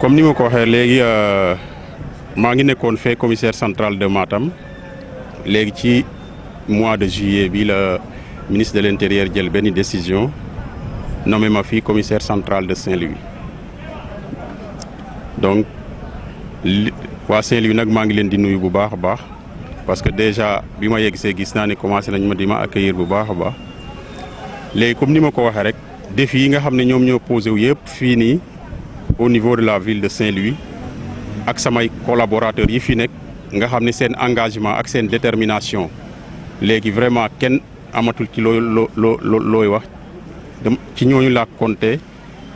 comme ni ma ko waxee léegi euh, maa ngi nekkoon fee commissaire central de Matam léegi ci mois de juillet bi la ministre de l'intérieur jël benn décision nommé ma fii commissaire centrale de Saint-Louis donc waa Saint-Louis nag maa ngi leen di nuyu bu baax a baax parce que déjà bi ma yeggsee gis naa ne commencé nañ ma di ma accueillir bu baax a baax léegi comme ni ma ko waxee rek défi yi nga xam ne ñoom ñoo posé wu yëpp fii nii. au niveau de la ville de Saint-Louis ak samay collaborateurs yi fi nekk nga xam ne seen engagement ak seen détermination léegi vraiment kenn amatul ci looy loo looy wax ci ñooñu laa compter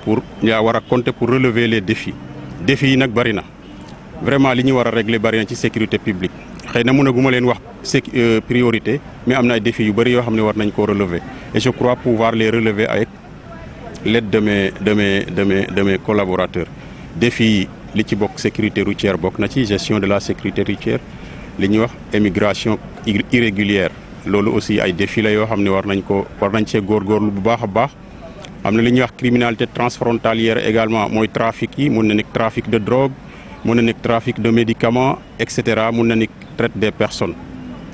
pour yaa war a compter pour relever les défis défis yi nag bari na vraiment li ñu war a régler ci sécurité publique xëy na mun mënaguma leen wax sé euh, priorité mais am na ay défis yu bari yoo xam ne war nañ ko relever et je crois pouvoir le relever avec. l'aide de mes de mes de mes de défi li ci bokk sécurité routière bokk na ci gestion de la sécurité routière li ñuy wax émigration irrégulière loolu aussi ay défi la yoo xam ne war nañ ko war nañ cee góorgóorlu bu baax a baax am na li ñuy wax criminalité transfrontalière également mooy trafic yi mun na nekk trafic de drogue mun na nekk trafic de médicament et cetera mun na nekk traite des personnes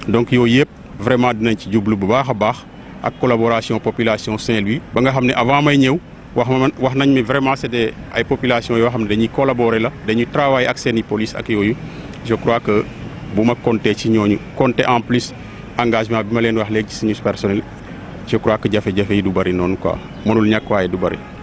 donc yooyu yëpp vraiment dinañ ci jublu bu baax a baax ak collaboration population Saint-Louis ba nga xam ne avant may ñëw wax ma wax nañ mi vraiment des ay population yoo xam ne dañuy collaborer la dañuy travailler ak seeni police ak yooyu je crois que bu ma compter ci ñooñu compter en plus engagement bi ma leen wax léegi ci suñu personnel je crois que jafe-jafe yi du bari noonu quoi mënul ñàkk waaye du bari